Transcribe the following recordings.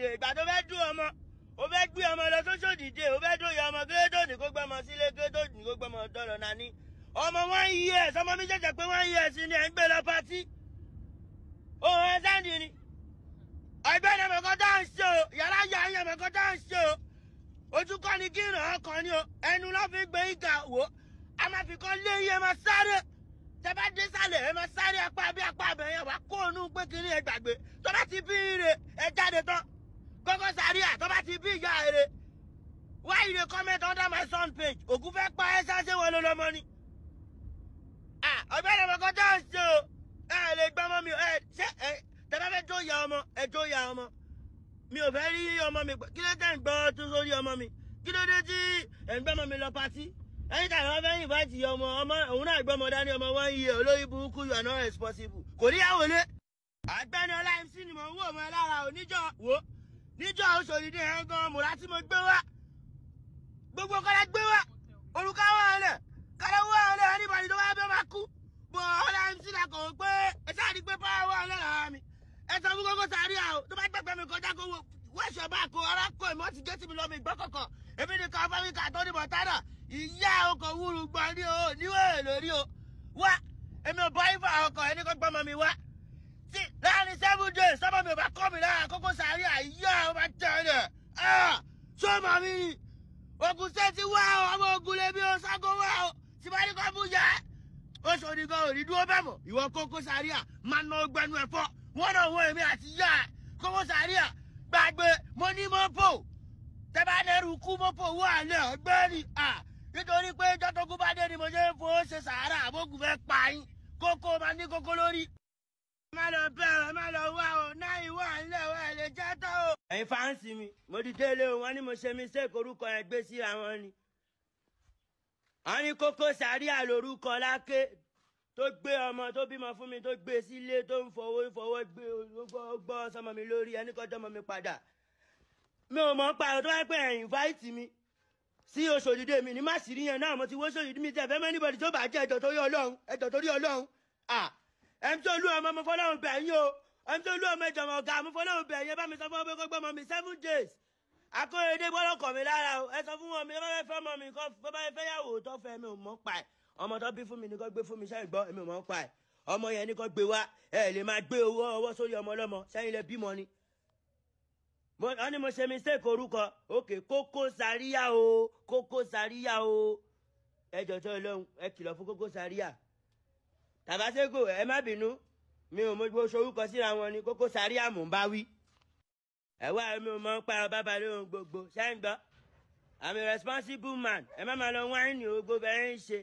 rè ìgbà tó fẹ́ dú ọmọ ó fẹ́ gbé ọmọ lọ tó ṣòdìdè ó fẹ́ dóye ọmọ kéré tó ní kó gbé ọmọ sílé kéré tó ní kó gbé ọmọ dọ̀rọ̀ nání ọmọ wọn yí ẹ sọmọ mi jẹjẹ pé wọn yí ẹ sí ni ẹ ń gbé lọ patí òun ẹ sẹ́ndì ni ẹgbẹ́ ni ọmọkọ tá à ń ṣe o yàrá yà á yẹ ọmọkọ tá à ń ṣe o ojú kọ́ ni kí ìràn ọkàn ni o ẹnu ló fi gbé ìkà wò a máa fi kọ́ lé iye máa sáré tẹ dé sálẹ̀ ẹ máa sáré apá bí apá abẹ́yẹn wà kó pé kiri ẹ gbàgbé tọ́ ti bí ire ẹ jáde tán for Zaria tó bá ti bí ìyá why you comment under my son page ògùn fẹ́ pa ẹ́ sáṣẹ́ wọn lọ́lọ́mọ ni ọ̀gbẹ́ ẹ̀rọ kan tó ń ṣe o ẹ lè gbọ́ ọmọ mi ẹ ṣe ẹ tẹ́lá fẹ́ jó ìyá ọmọ ẹ jó ìyá ọmọ mi ò fẹ́ rí ọmọ mi kí ló dé ń gbọ́ tó sórí ọmọ mi kí ló dé tí ẹ̀ ń gbọ́ ọmọ mi lọ patí ẹni tàbí wọn fẹ́ invite ọmọ ọmọ òun náà gbọ́ ọmọ dání you wọn yìí olórí burúkú you are not responsible kò níyàwó lé. àgbẹ̀ni ọlá mc ni mò ń wò mọ́ ẹ lára oníjọ́ wò níjọ́ òṣòdìdí yẹn gan múra tí mo gbé wá gbogbo kọ́lá gbé wá olùkọ́ wọn lẹ̀ kọ́lá wọn lẹ̀ anybody tó bá bẹ́ máa kú bọ̀ ọ́lá ń sí kò pé ẹ sáré gbé pàrọ̀ wọn lẹ̀ lọ́wọ́ mi ẹ sọ fún gbogbo sáré àwọn tó bá gbẹ̀gbẹ̀ mi kọjá kó wẹ̀ṣọ̀ bá kó ara kó èmi ti gé tìmí lọ́mọ ìgbọ́kọ̀kọ̀ èmi nìkan fáwíkà tó ní bọ̀tánà ìyá ọkọ̀ wúru gbọ́n ní o níwèé lórí o wá èmi ò bọ́ ifá ọkọ̀ ẹni kó gbọ́mọ mi wá láàrin seven days sábà mi ò bá kọ́ mi lára kókó sàárì àyà ó bá tẹ̀ ẹ́ dẹ̀ ṣó mọ̀ mi ni ogun sẹ́tì wá o ọmọ ogun lèmi o sago wá o tí bá ní kọ́ bú yẹ oṣù onígan ò ní dúró bẹ́ẹ̀ mọ̀ ìwọ kókó sàárì à máa ná ọgbẹ́nu ẹ̀fọ́ wọ́n náà wọ èmi àti yá kókó sàárì à gbàgbé mo ní mọ́pò tẹ́bá nẹ́rù kú mọ́pò wọ àlẹ́ ọ̀gbẹ́ni à nítorí pé jọ́tọ́kú bá dé ni mo ṣe ń fowó ṣe sàárà àbógun fẹ́ pa yín kókó máa ní kókó lórí má lọ bẹ̀rẹ̀ má lọ wá o náà ìwà ńlẹ̀ wà lè já tọ́ o. ẹ̀yin fáǹsì mi mo ti délé o wọ́n ní mo ṣe mi sẹ́ẹ̀kì orúkọ ẹ̀ gbé síra wọn ni. wọ́n ní Koko Zaria lórúkọ Láké tó gbé ọmọ tó bímọ fún mi tó gbé sílé tó ń fọwọ́ fọwọ́ gbé gbọ́ sọmọ mi lórí ẹni kọjọ́ mọ mi padà. mi ò mọ̀ pa ọ̀tọ́ wáyé pé ẹ̀yin fáìtì mi sí Ọ̀ṣọ́dìdé mi ní má sì rí yẹn náà mo ti wọ́ Ọ̀ṣọ́dìdé mi tẹ̀ fẹ́ mẹ́nibọ̀dì ah ẹni tó lú ọmọ mo fọlọ́run bẹ̀ yín o ẹni tó lú ọmọ ìjọba ọ̀gá mo fọlọ́run bẹ̀ yín ẹ bá mi sọ fún ọmọ ẹgbẹ́ ọmọ mi seven days akóyèdè gbọ́dọ̀ kọ̀ mí lára o ẹ sọ fún ọmọ mi bá fẹ́ ọmọ mi kọ́ bá fẹ́ yàwó tó fẹ́ mi ò mọ̀ pa ẹ̀ ọmọ tó bí fún mi ni kò gbé fún mi sẹ́yìn gbọ́ èmi ò mọ̀ pa ẹ̀ ọmọ yẹn ni kò gbé wá ẹ lè máa gbé owó ọwọ́ sórí ọmọ ọlọ́mọ sẹ́yìn lẹ bímọ ni. wọ́n ní mo ṣe mistake orúkọ òkè Koko Zaria o Koko Zaria o ẹ jọ̀jọ̀ Ọlọ́run ẹ kìlọ̀ fún Koko Zaria tàbáṣégò ẹ má bínú mi ò mọ sorúkọ síra wọn ni kókó sáré àmúbáwí ẹ mi ò mọ ń parọ́ bàbá lóhun gbogbo ṣẹ́ ń gbọ́ i'm a responsible man ẹ má máa lọ wáìnì ogbó bẹ́ẹ̀ ń ṣe.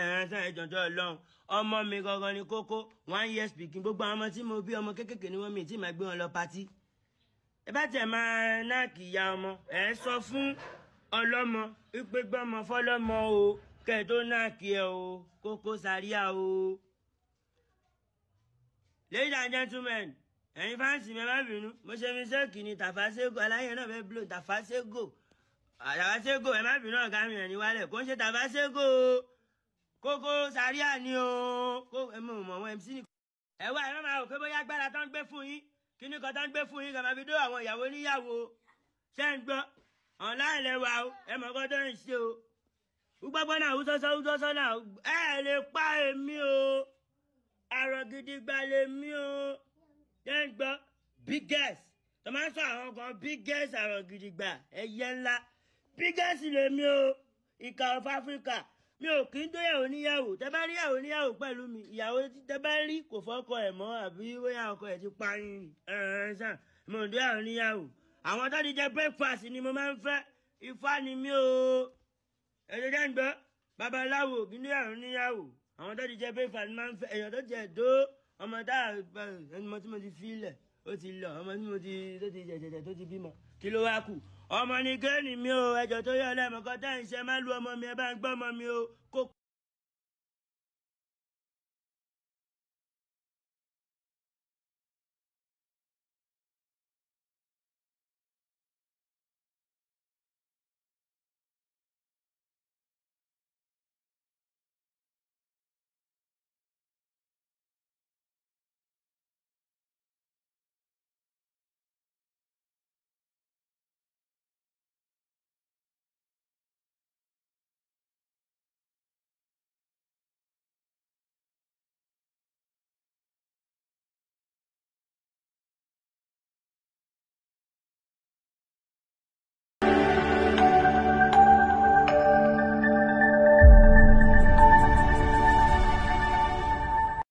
ẹ̀ránṣẹ́ ìjọ̀jọ́ ọlọ́run ọmọ mi gangan ni kókó one year speaking gbogbo àwọn ọmọ tí mo bí ọmọ kéékèèké ni wọ́n mi tí màá gbé wọn lọ patí. ẹ bá tẹ̀ máa náàkì ìyá ọmọ ẹ sọ fún ọlọ́mọ wípé gbọ́mọ fọlọ́mọ o kẹ́ ẹ tó náàkì ẹ o kókó sàríà o. ladies and gentlemen ẹ̀yin fáǹsì mi má bínú mo ṣe mi ṣéèkì ni tàfàṣégò aláyẹ̀ náà fẹ́ blow tàfàṣégò tàfàṣégò ẹ má bínú ọ̀gá mi ẹ̀ ní wálẹ̀ kó ń ṣe tàfàṣégò o kókóró sàríà ni o kó ẹ mọ mọ àwọn mc nìkan. ẹ wá ẹ má máa rò pé bóyá agbára tó ń gbé fún yín kíní kan tó ń gbé fún yín kàmá fi dó àwọn ìyàwó níyàwó ṣé ń gbọ́ ọ̀la ìlẹ̀wà o ẹ mọ̀ kó tó ń ṣe o. gbogbo náà wúsọ́sọ́ wúsọ́sọ́ náà ẹ lè pa èmi o àrọ̀ gidi gba lèmi o ṣé ń gbọ́ biggest tó máa ń sọ àwọn kan biggest àrọ̀ gidi gba ẹyẹ ńlá biggest lèmi o ìkà of Africa mi ò kí ń dóyàwó níyàwó tẹ bá rí yàwó níyàwó pẹ̀lú mi ìyàwó tẹ bá rí kò fọ́kọ ẹ̀ mọ́ àbí bóyá ọkọ ẹ̀ ti pa yín ẹ̀ẹ́n sàn mo ń dóyàwó níyàwó àwọn tó ti jẹ breakfast ni mo máa ń fẹ́ ifá ni mí o ẹ̀jẹ̀ jẹ́ ń gbọ́ babaláwo kí ń dóyàwó níyàwó àwọn tó ti jẹ breakfast ni máa ń fẹ́ èèyàn tó jẹ dó ọmọ táà ẹni mo tí mo ti fi ilẹ̀ ó ti lọ ọmọ tí mo ti tó ti jẹjẹjẹ tó ti bímọ kí ọmọ ni gẹ́ẹ̀nì mi o ẹjọ́ tó yọ ọlẹ́mọ̀kọ́ tá à ń ṣe má lu ọmọ mi ẹ bá ń gbọ́ ọmọ mi o kó